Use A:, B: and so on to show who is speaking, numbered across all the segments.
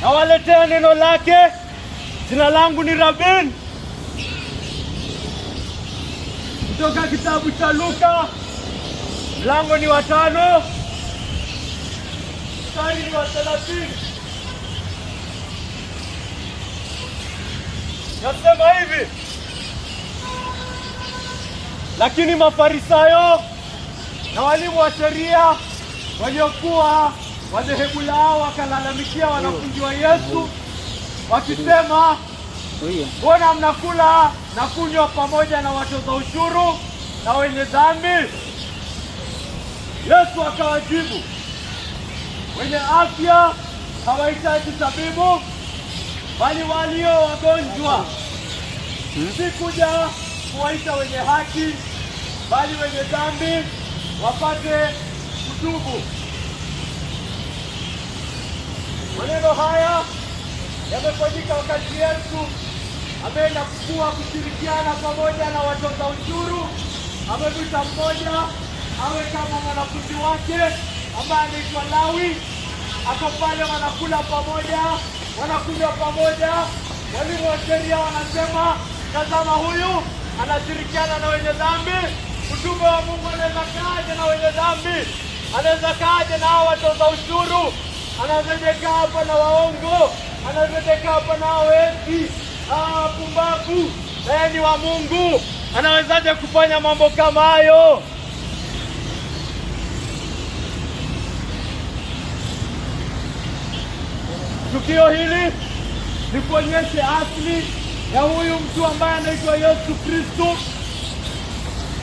A: nawaletea neno lake. Jina langu ni Rabin, kutoka kitabu cha Luka, mlango ni watano mstari ni wa thelathini. Nasema hivi, lakini Mafarisayo na walimu wa sheria waliokuwa wadhehebu lao wakalalamikia wanafunzi wa Yesu wakisema, mbona mnakula na kunywa pamoja na watoza ushuru na wenye dhambi? Yesu akawajibu, wenye afya hawahitaji tabibu, bali walio wagonjwa. Hmm? Sikuja kuwaita wenye haki, bali wenye dhambi wapate kutubu. Maneno haya yamefanyika wakati yetu ameenda kuwa kushirikiana pamoja na watoza ushuru, amepita mmoja awe kama mwanafunzi wake ambaye anaitwa Lawi, ako pale, wanakula pamoja, wanakunywa pamoja. Walimu wa sheria wanasema, tazama, huyu anashirikiana na wenye dhambi. Mtume wa Mungu anaweza kaje na wenye dhambi? Anaweza kaje na hao watoza ushuru? anatetea hapa na waongo, anatetea hapa na wezi ah, pumbavu. Yeye ni wa Mungu, anawezaje kufanya mambo kama hayo? Tukio hili likuonyeshe asili ya huyu mtu ambaye anaitwa Yesu Kristo.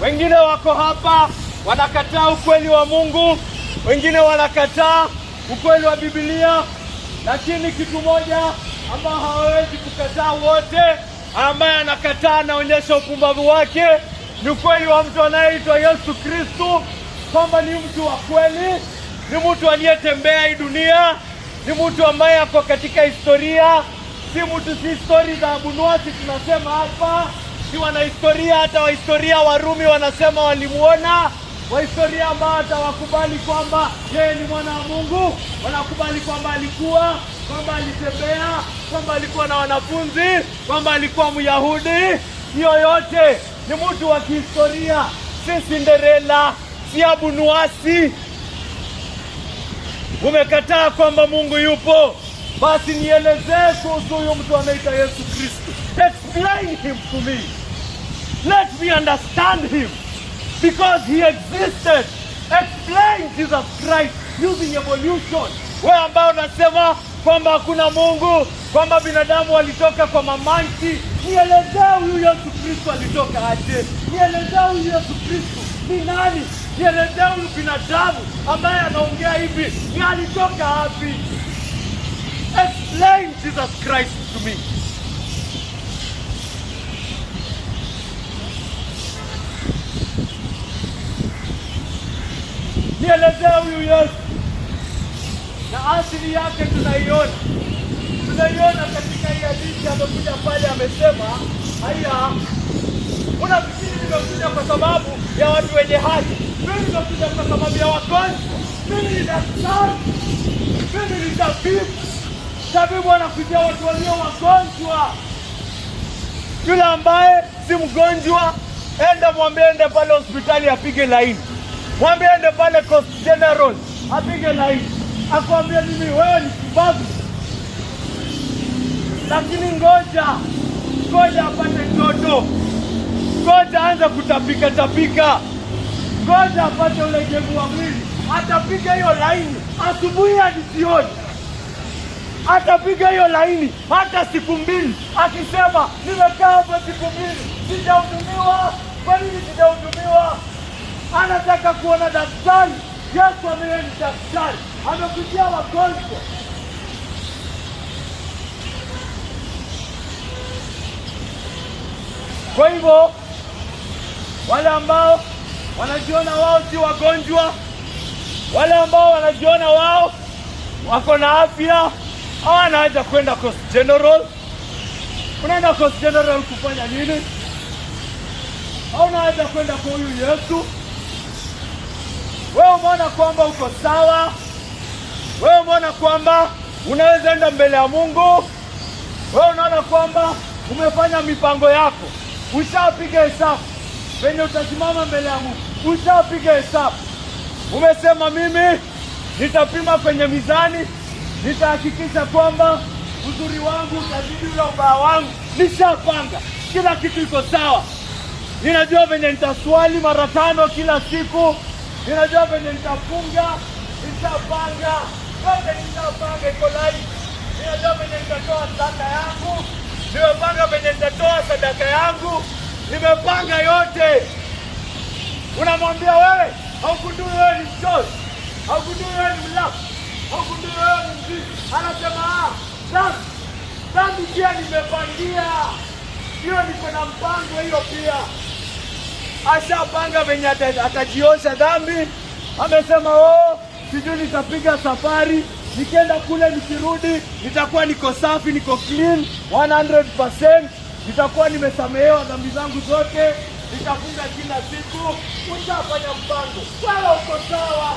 A: Wengine wako hapa wanakataa ukweli wa Mungu, wengine wanakataa ukweli wa Biblia, lakini kitu moja ambao hawawezi kukataa wote, ambaye anakataa anaonyesha upumbavu wake, ni ukweli wa mtu anayeitwa Yesu Kristo, kwamba ni mtu wa kweli, ni mtu aliyetembea hii dunia, ni mtu ambaye ako katika historia, si mtu, si stori za abunuasi tunasema hapa, si wanahistoria. Hata wahistoria Warumi wanasema walimuona Wahistoria ambao hatawakubali kwamba yeye ni mwana wa Mungu, wanakubali kwamba alikuwa, kwamba alitembea, kwamba alikuwa na wanafunzi, kwamba alikuwa Myahudi. Hiyo yote ni mtu wa kihistoria, si Cinderella, si Abunuasi. Umekataa kwamba Mungu yupo, basi nielezee kuhusu huyo mtu anaita Yesu Kristo. Explain him to me, let me understand him because he existed. Explain Jesus Christ using evolution. Wewe ambao unasema kwamba hakuna Mungu, kwamba binadamu walitoka kwa mamanti, nielezea huyu Yesu Kristo alitoka aje? Nielezea huyu Yesu Kristo ni nani? nielezee huyu binadamu ambaye anaongea hivi ni alitoka wapi? Explain Jesus Christ to me. nielezea huyu Yesu, na asili yake tunaiona, tunaiona katika hii hadithi. Amekuja pale amesema, haya, unafikiri nimekuja kwa sababu ya watu wenye haki? Mimi nimekuja kwa sababu ya wagonjwa. Mimi ni daktari, mimi ni tabibu. Tabibu anakujia watu walio wagonjwa. Yule ambaye si mgonjwa, enda mwambie, ende pale hospitali apige laini Mwambie ende pale Coast General apige laini, akwambie mimi wewe ni kibabu, lakini ngoja ngoja apate joto, ngoja anza kutapika tapika, ngoja apate ulegevu wa mwili, atapiga hiyo laini asubuhi hadi jioni atapiga hiyo laini hata siku mbili, akisema nimekaa hapa siku mbili sijahudumiwa. Kwa nini sijahudumiwa? anataka kuona daktari. Yesu ambaye ni daktari amekujia wagonjwa. Kwa hivyo wale ambao wanajiona wao si wagonjwa, wale ambao wanajiona wao wako na afya, anaweza kwenda Coast General. Unaenda Coast General kufanya nini? naweza kwenda kwa huyu Yesu wewe umeona kwamba uko sawa, wewe umeona kwamba unaweza enda mbele ya Mungu, wewe unaona kwamba umefanya mipango yako, ushapiga hesabu venye utasimama mbele ya Mungu, ushapiga hesabu. Umesema mimi nitapima kwenye mizani, nitahakikisha kwamba uzuri wangu utazidi ule ubaya wangu. Nishapanga kila kitu, iko sawa. Ninajua venye nitaswali mara tano kila siku. Ninajua venye nitafunga, nitapanga yote, nitapanga iko live. Ninajua venye nitatoa sadaka yangu, nimepanga venye nitatoa sadaka yangu, nimepanga yote. Unamwambia wewe, haukujui wewe ni mchozi, haukujui wewe ni mlafi, haukujui wewe ni mzizi. Anasema ah, dhambi pia nimepangia hiyo, niko na mpango hiyo pia ashapanga venye atajiosha dhambi. Amesema oh, sijui nitapiga safari, nikienda kule, nikirudi nitakuwa niko safi, niko clean 100%, nitakuwa nimesamehewa dhambi zangu zote, nitafunga kila siku. Ushafanya mpango, sala, uko sawa.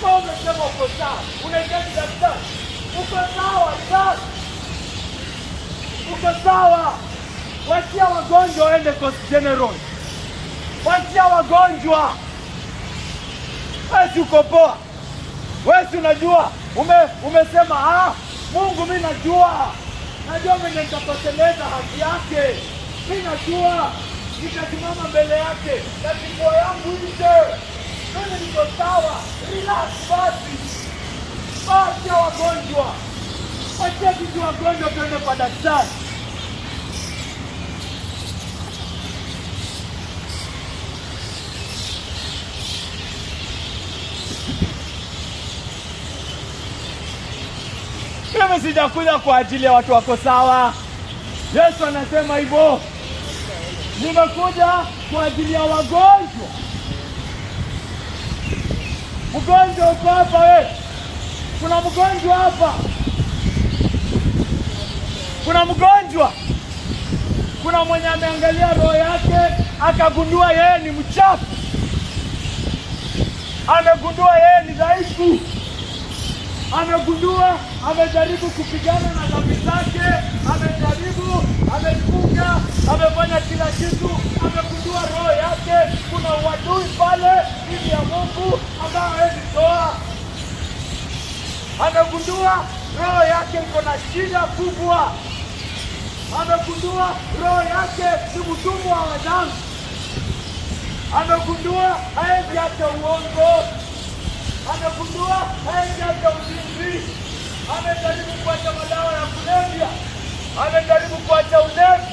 A: Kama umesema uko sawa, unahitaji daktari, uko sawa daktari uko sawa. Wasia wagonjwa waende Coast General wachia wagonjwa. Wesi uko poa, wesi unajua ume, umesema ah, Mungu mi najua, najua mwenye nitapoteleza haki yake, mi najua nitasimama mbele yake na tumbo yangu nje, mimi niko sawa. Relax basi, wachia wagonjwa, wachia sisi wagonjwa, twende kwa daktari. Mimi sijakuja kwa ajili ya watu wako sawa. Yesu anasema hivyo, nimekuja kwa ajili ya wagonjwa. Mgonjwa uko hapa we, kuna mgonjwa hapa, kuna mgonjwa, kuna mwenye ameangalia roho yake akagundua yeye ni mchafu, amegundua yeye ni dhaifu, amegundua amejaribu kupigana na dhambi zake, amejaribu, amefunga, amefanya kila kitu, amegundua roho yake kuna uadui pale dhidi ya Mungu ambayo hawezi toa. Amegundua roho yake iko na shida kubwa, amegundua roho yake ni mtumwa wa dhambi, amegundua haezi hata uongo, amegundua haezi hata uzinzi amejaribu kuacha madawa ya kulevya, amejaribu kuacha ulevi,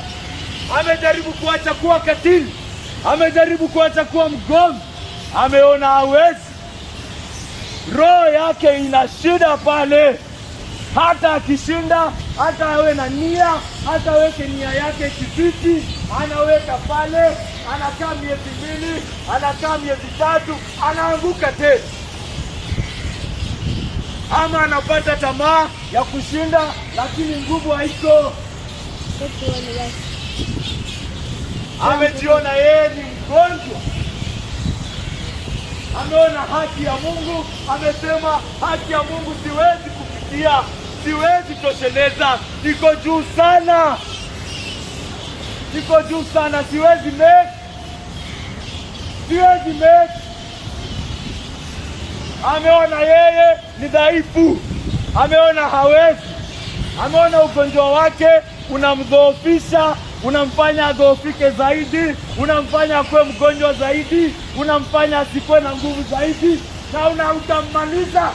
A: amejaribu kuacha kuwa katili, amejaribu kuacha kuwa mgomvi, ameona hawezi. Roho yake ina shida pale. Hata akishinda, hata awe na nia, hata aweke nia yake kiviti, anaweka pale, anakaa miezi mbili, anakaa miezi tatu, anaanguka tena ama anapata tamaa ya kushinda, lakini nguvu haiko. Amejiona yeye ni mgonjwa, ameona haki ya Mungu, amesema haki ya Mungu siwezi kufikia, siwezi tosheleza, niko juu sana, niko juu sana, siwezi make, siwezi make ameona yeye ni dhaifu, ameona hawezi, ameona ugonjwa wake unamdhoofisha, unamfanya adhoofike zaidi, unamfanya akuwe mgonjwa zaidi, unamfanya asikuwe na nguvu zaidi, na una utammaliza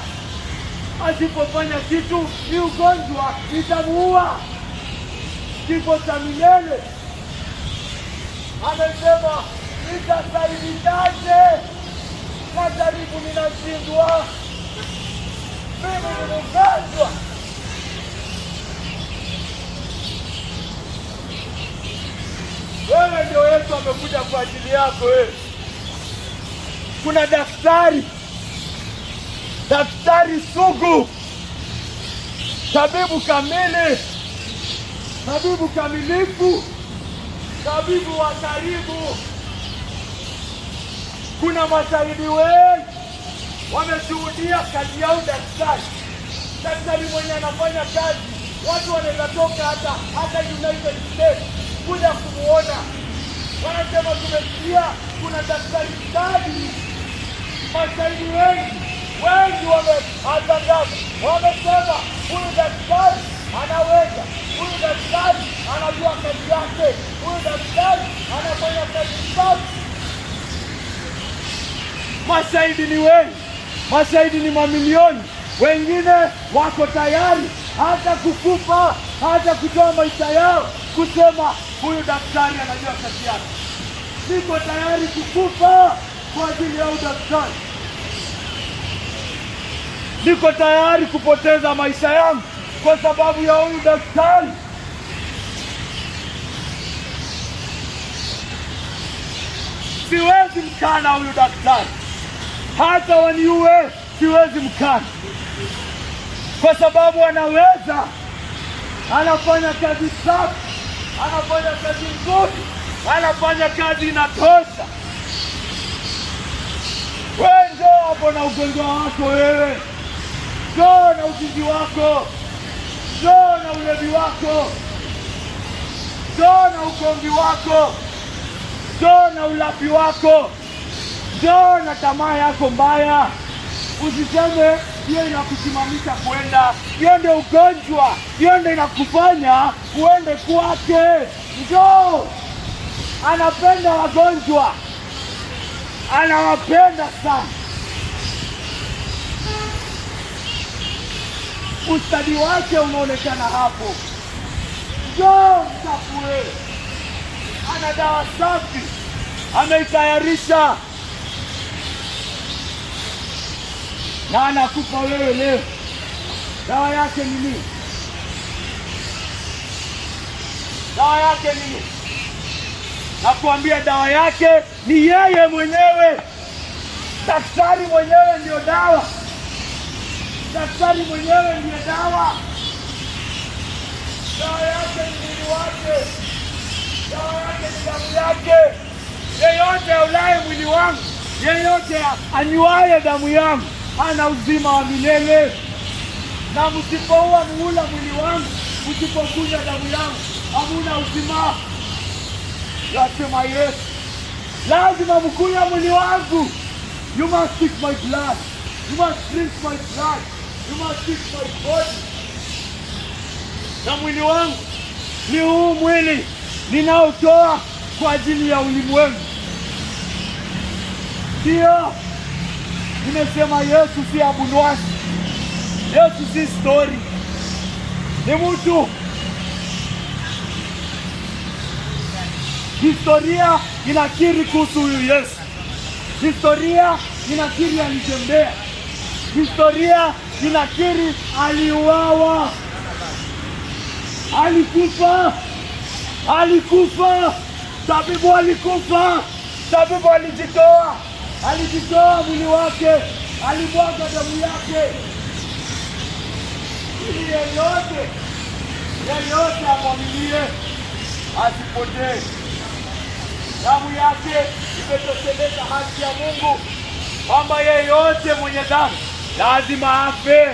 A: asipofanya kitu. Ni ugonjwa itamuua, kifo cha milele. Amesema nitasaidikaje? najaribu, ninashindwa, mimi nimeganjwa. Wewe ndio Yesu amekuja kwa ajili yako wewe. Eh. Kuna daktari, daktari sugu, tabibu kamili, tabibu kamilifu, tabibu wa karibu. Kuna mashahidi wengi wameshuhudia kazi yao, daktari daktari mwenye anafanya kazi, watu wanaweza toka hata hata United States kuja kumuona, wanasema tumesikia kuna daktari stadi. Mashahidi wengi wengi wametangaza, wamesema huyu daktari anaweza, huyu daktari anajua kazi yake, huyu daktari anafanya Mashahidi ni wengi, mashahidi ni mamilioni, wengine wako tayari hata kukufa, hata kutoa maisha yao, kusema huyu daktari anajua kazi yake. Niko tayari kukufa kwa ajili ya udaktari, niko tayari kupoteza maisha yangu kwa sababu ya huyu daktari. Siwezi mkana huyu daktari hata waniue siwezi mkana, kwa sababu anaweza, anafanya kazi safi, anafanya kazi nzuri, anafanya kazi inatosha. Wewe njoo hapo na ugonjwa wako, wewe njoo na uzinzi wako, njoo na ulevi wako, njoo na ugongi wako, njoo na ulapi wako njoo na tamaa yako mbaya, usiseme hiyo inakusimamisha kwenda. Hiyo ndio ugonjwa, hiyo ndio inakufanya uende kwake. Njoo, anapenda wagonjwa, anawapenda sana. Ustadi wake unaonekana hapo. Njoo mtafue, ana dawa safi ameitayarisha. na anakupa wewe leo. Dawa yake ni nini? Dawa yake ni nini? Nakuambia dawa yake ni yeye mwenyewe. Daktari mwenyewe ndio dawa, daktari mwenyewe ndiyo dawa. Dawa yake ni mwili wake, dawa yake ni damu yake. Yeyote aulaye mwili wangu, yeyote anywaye damu yangu ana uzima wa milele. Na msipoua muula mwili wangu, msipokunywa damu yangu, hamuna uzima. Yasema Yesu, lazima mkunywa mwili wangu. You must drink my blood, you must drink my blood, you must drink my body. Na mwili wangu ni huu mwili ninaotoa kwa ajili ya ulimwengu, ndio que fie abunoasă. Eu sus istorii. De mult Istoria inakiri kuhusu huyu Yesu. Historia inakiri alitembea. Historia inakiri aliuawa, alikufa, alikufa, tabibu alikufa, tabibu alijitoa. alijitoa mwili wake, alimwaga damu yake ili yeyote yeyote amwaminie asipotee. Damu yake imetosheleza haki ya Mungu kwamba yeyote mwenye damu lazima afe.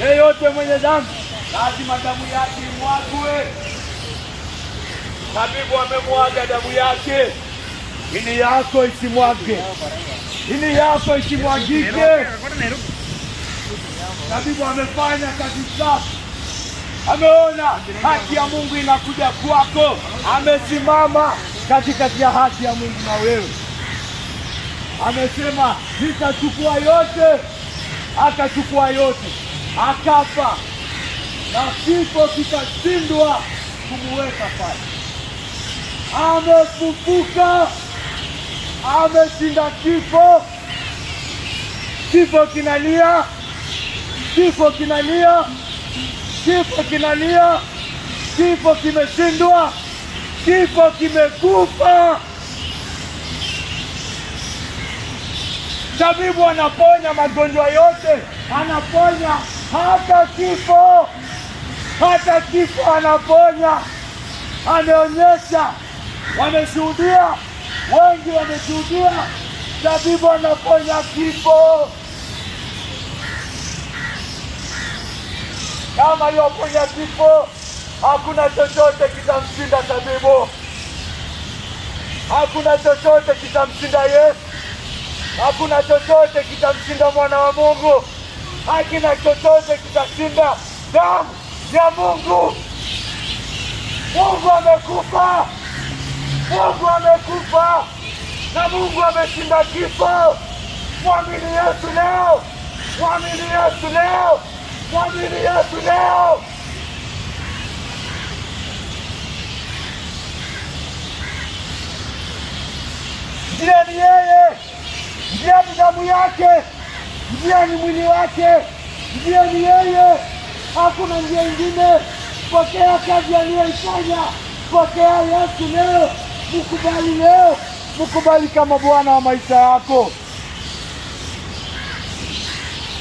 A: Yeyote mwenye damu lazima damu yake imwagwe. Tabibu amemwaga damu yake ili yako isimwage, ili yako isimwagike. Tabibu amefanya kazi safi, ameona haki ya Mungu inakuja kwako, amesimama katikati ya haki ya Mungu na wewe, amesema nitachukua yote, akachukua yote, akafa na kifo kikashindwa kumuweka pale. Amefufuka ameshinda kifo. Kifo kinalia, kifo kinalia, kifo kinalia, kifo kimeshindwa, kifo kimekufa. Tabibu anaponya magonjwa yote, anaponya hata kifo, hata kifo anaponya, ameonyesha wameshuhudia wengi wameshuhudia tabibu anaponya kifo. Kama yoponya kifo, hakuna chochote kitamshinda tabibu, hakuna chochote kitamshinda Yesu, hakuna chochote kitamshinda mwana wa Mungu, hakina chochote kitashinda damu ya Mungu. Mungu amekufa. Mungu amekufa na Mungu ameshinda kifo. Mwamini Yesu leo, mwamini Yesu leo, mwamini Yesu leo. Mjileni yeye, mjileni damu yake, mjileni mwili wake, mjileni yeye. Hakuna njia ingine. Pokea kazi aliyoifanya, pokea Yesu leo mkubali leo, mkubali kama Bwana wa maisha yako.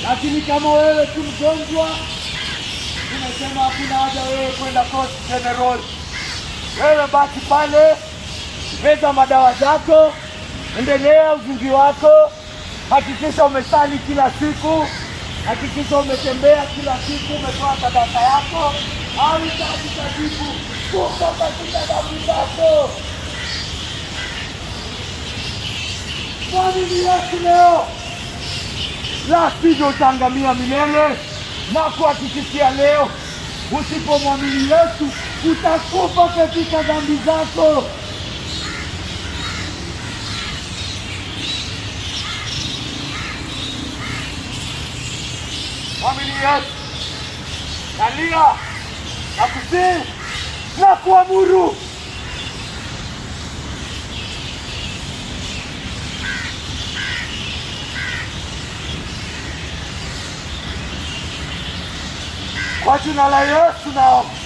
A: Lakini kama wewe tu mgonjwa, umesema hakuna haja wewe kwenda Coast General, wewe baki pale, meza madawa zako, endelea uzungi wako, hakikisha umesali kila siku, hakikisha umetembea kila siku, umetoa sadaka yako, au itaji kuko katika damu zako. Imani yetu leo, la utaangamia milele. Na kuhakikishia leo, usipomwamini Yesu utakufa katika dhambi zako. Mwamini Yesu, nalia, nakusii na kuamuru Patrz na leje, czy now.